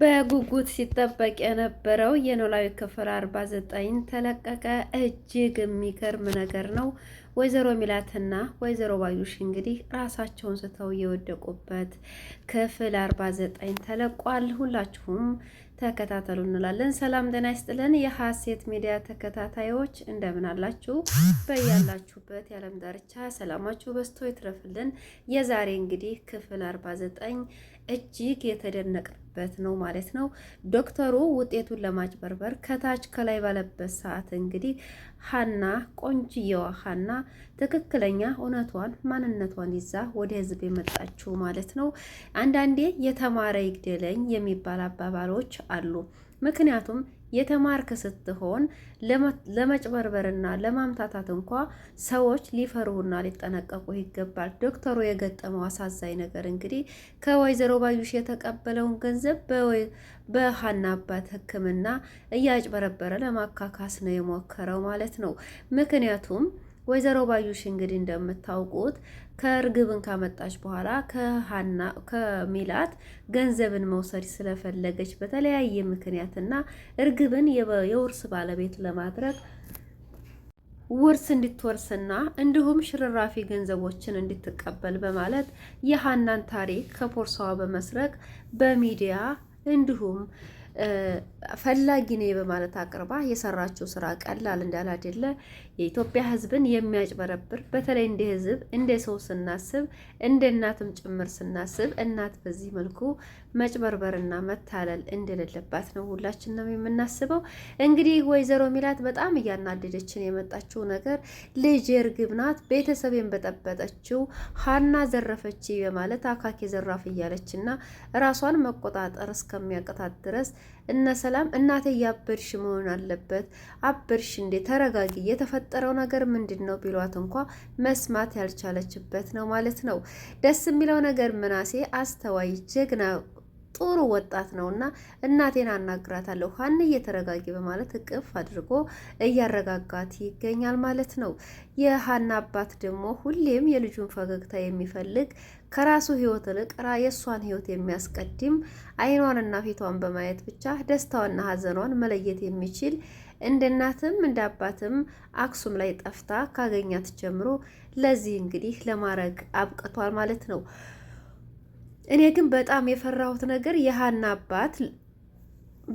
በጉጉት ሲጠበቅ የነበረው የኖላዊ ክፍል 49 ተለቀቀ። እጅግ የሚገርም ነገር ነው። ወይዘሮ ሚላትና ወይዘሮ ባዩሽ እንግዲህ ራሳቸውን ስተው የወደቁበት ክፍል 49 ተለቋል። ሁላችሁም ተከታተሉ እንላለን። ሰላም ጤና ይስጥልን። የሀሴት ሚዲያ ተከታታዮች እንደምን አላችሁ? በያላችሁበት የዓለም ዳርቻ ሰላማችሁ በዝቶ ይትረፍልን። የዛሬ እንግዲህ ክፍል 49 እጅግ የተደነቅበት ነው ማለት ነው። ዶክተሩ ውጤቱን ለማጭበርበር ከታች ከላይ ባለበት ሰዓት እንግዲህ ሀና ቆንጅየዋ ሀና ትክክለኛ እውነቷን ማንነቷን ይዛ ወደ ህዝብ የመጣችው ማለት ነው። አንዳንዴ የተማረ ይግደለኝ የሚባል አባባሎች አሉ። ምክንያቱም የተማርክ ስትሆን ለመጭበርበርና ለማምታታት እንኳ ሰዎች ሊፈሩና ሊጠነቀቁ ይገባል። ዶክተሩ የገጠመው አሳዛኝ ነገር እንግዲህ ከወይዘሮ ባዩሽ የተቀበለውን ገንዘብ በሀና አባት ሕክምና እያጭበረበረ ለማካካስ ነው የሞከረው ማለት ነው። ምክንያቱም ወይዘሮ ባዩሽ እንግዲህ እንደምታውቁት ከእርግብን ካመጣች በኋላ ከሀና ከሚላት ገንዘብን መውሰድ ስለፈለገች በተለያየ ምክንያትና እርግብን የውርስ ባለቤት ለማድረግ ውርስ እንድትወርስና እንዲሁም ሽርራፊ ገንዘቦችን እንድትቀበል በማለት የሀናን ታሪክ ከፖርሳዋ በመስረቅ በሚዲያ እንዲሁም ፈላጊ ነኝ በማለት አቅርባ የሰራችው ስራ ቀላል እንዳል የኢትዮጵያ ሕዝብን የሚያጭበረብር በተለይ እንደ ሕዝብ እንደ ሰው ስናስብ እንደ እናትም ጭምር ስናስብ እናት በዚህ መልኩ መጭበርበርና መታለል እንደሌለባት ነው ሁላችን ነው የምናስበው። እንግዲህ ወይዘሮ ሚላት በጣም እያናደደችን የመጣችው ነገር ልጅ እርግብ ናት ቤተሰቤን በጠበጠችው ሀና ዘረፈች በማለት አካኬ ዘራፍ እያለችና ራሷን መቆጣጠር እስከሚያቀታት ድረስ እነ ሰላም እናቴ ያበርሽ መሆን አለበት አበርሽ እንዴ ተረጋጊ የተፈጠረው ነገር ምንድን ነው ቢሏት እንኳ መስማት ያልቻለችበት ነው ማለት ነው ደስ የሚለው ነገር ምናሴ አስተዋይ ጀግና ጥሩ ወጣት ነው እና እናቴን አናግራታለሁ ሀን እየተረጋጊ በማለት እቅፍ አድርጎ እያረጋጋት ይገኛል ማለት ነው። የሀና አባት ደግሞ ሁሌም የልጁን ፈገግታ የሚፈልግ ከራሱ ህይወት ልቅ ራ የእሷን ህይወት የሚያስቀድም አይኗንና ፊቷን በማየት ብቻ ደስታዋና ሀዘኗን መለየት የሚችል እንደ እናትም እንደ አባትም አክሱም ላይ ጠፍታ ካገኛት ጀምሮ ለዚህ እንግዲህ ለማድረግ አብቅቷል ማለት ነው። እኔ ግን በጣም የፈራሁት ነገር የሀና አባት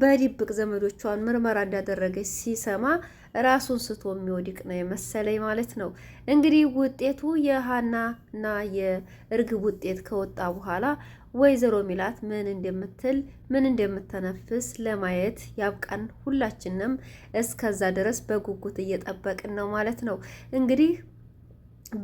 በድብቅ ዘመዶቿን ምርመራ እንዳደረገች ሲሰማ ራሱን ስቶ የሚወድቅ ነው የመሰለኝ ማለት ነው። እንግዲህ ውጤቱ የሀናና የእርግብ ውጤት ከወጣ በኋላ ወይዘሮ ሚላት ምን እንደምትል ምን እንደምተነፍስ ለማየት ያብቃን። ሁላችንም እስከዛ ድረስ በጉጉት እየጠበቅን ነው ማለት ነው እንግዲህ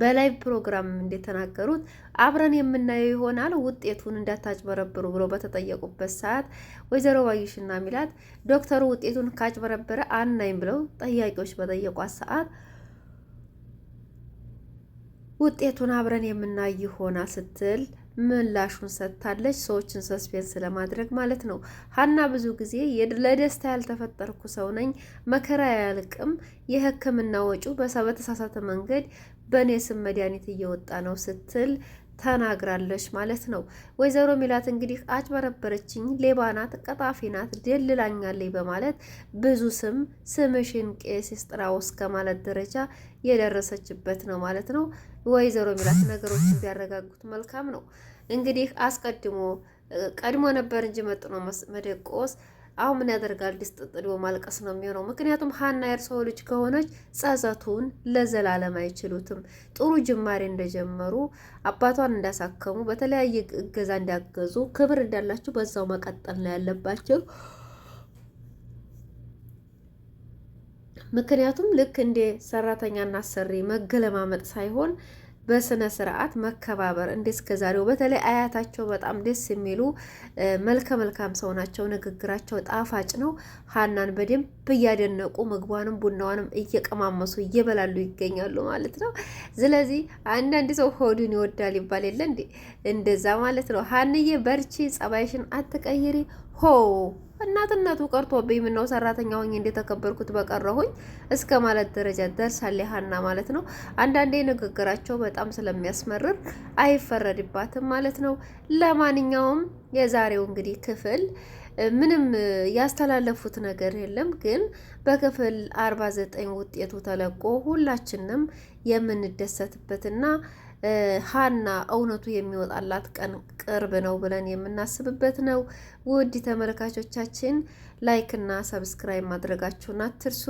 በላይቭ ፕሮግራም እንደተናገሩት አብረን የምናየው ይሆናል። ውጤቱን እንዳታጭበረብሩ ብሎ በተጠየቁበት ሰዓት ወይዘሮ ባዩሽና ሚላት ዶክተሩ ውጤቱን ካጭበረበረ አናይም ብለው ጠያቂዎች በጠየቋት ሰዓት ውጤቱን አብረን የምናይ ይሆናል ስትል ምላሹን ሰጥታለች። ሰዎችን ሰስፔንስ ለማድረግ ማለት ነው። ሀና ብዙ ጊዜ ለደስታ ያልተፈጠርኩ ሰው ነኝ፣ መከራ ያልቅም፣ የህክምና ወጪው በተሳሳተ መንገድ በእኔ ስም መድኃኒት እየወጣ ነው ስትል ተናግራለች ማለት ነው። ወይዘሮ ሚላት እንግዲህ አጭበረበረችኝ፣ ሌባ ናት፣ ቀጣፊ ናት፣ በማለት ብዙ ስም ስምሽን ቄስ ይስጥራው እስከ ደረጃ የደረሰችበት ነው ማለት ነው። ወይዘሮ ሚላት ነገሮችን ቢያረጋጉት መልካም ነው። እንግዲህ አስቀድሞ ቀድሞ ነበር እንጂ መጥኖ መደቆስ አሁን ምን ያደርጋል? ድስት ጥዶ ማልቀስ ነው የሚሆነው። ምክንያቱም ሀና የእርሰው ልጅ ከሆነች ጸጸቱን ለዘላለም አይችሉትም። ጥሩ ጅማሬ እንደጀመሩ አባቷን እንዳሳከሙ፣ በተለያየ እገዛ እንዳገዙ፣ ክብር እንዳላቸው በዛው መቀጠል ነው ያለባቸው። ምክንያቱም ልክ እንደ ሰራተኛና ሰሪ መገለማመጥ ሳይሆን በስነ ስርዓት መከባበር እንደ እስከ ዛሬው በተለይ አያታቸው በጣም ደስ የሚሉ መልከ መልካም ሰው ናቸው። ንግግራቸው ጣፋጭ ነው። ሀናን በደንብ እያደነቁ ምግቧንም ቡናዋንም እየቀማመሱ እየበላሉ ይገኛሉ ማለት ነው። ስለዚህ አንዳንድ ሰው ሆዱን ይወዳል ይባል የለ እንዴ? እንደዛ ማለት ነው። ሀንዬ በርቺ፣ ጸባይሽን አትቀይሪ ሆ እናትነቱ ቀርቶብኝ ምነው ሰራተኛ ሆኜ እንደተከበርኩት በቀረሁኝ እስከ ማለት ደረጃ ደርሳለች ሀና ማለት ነው። አንዳንዴ ንግግራቸው በጣም ስለሚያስመርር አይፈረድባትም ማለት ነው። ለማንኛውም የዛሬው እንግዲህ ክፍል ምንም ያስተላለፉት ነገር የለም፣ ግን በክፍል 49 ውጤቱ ተለቆ ሁላችንም የምንደሰትበትና ሀና እውነቱ የሚወጣላት ቀን ቅርብ ነው ብለን የምናስብበት ነው። ውድ ተመልካቾቻችን ላይክ እና ሰብስክራይብ ማድረጋችሁን አትርሱ።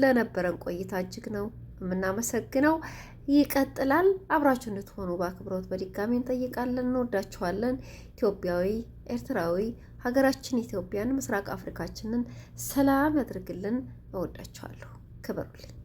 ለነበረን ቆይታ እጅግ ነው የምናመሰግነው። ይቀጥላል። አብራችሁ እንድትሆኑ በአክብሮት በድጋሚ እንጠይቃለን። እንወዳችኋለን። ኢትዮጵያዊ፣ ኤርትራዊ ሀገራችን ኢትዮጵያን፣ ምስራቅ አፍሪካችንን ሰላም ያድርግልን። እወዳችኋለሁ። ክበሩልኝ።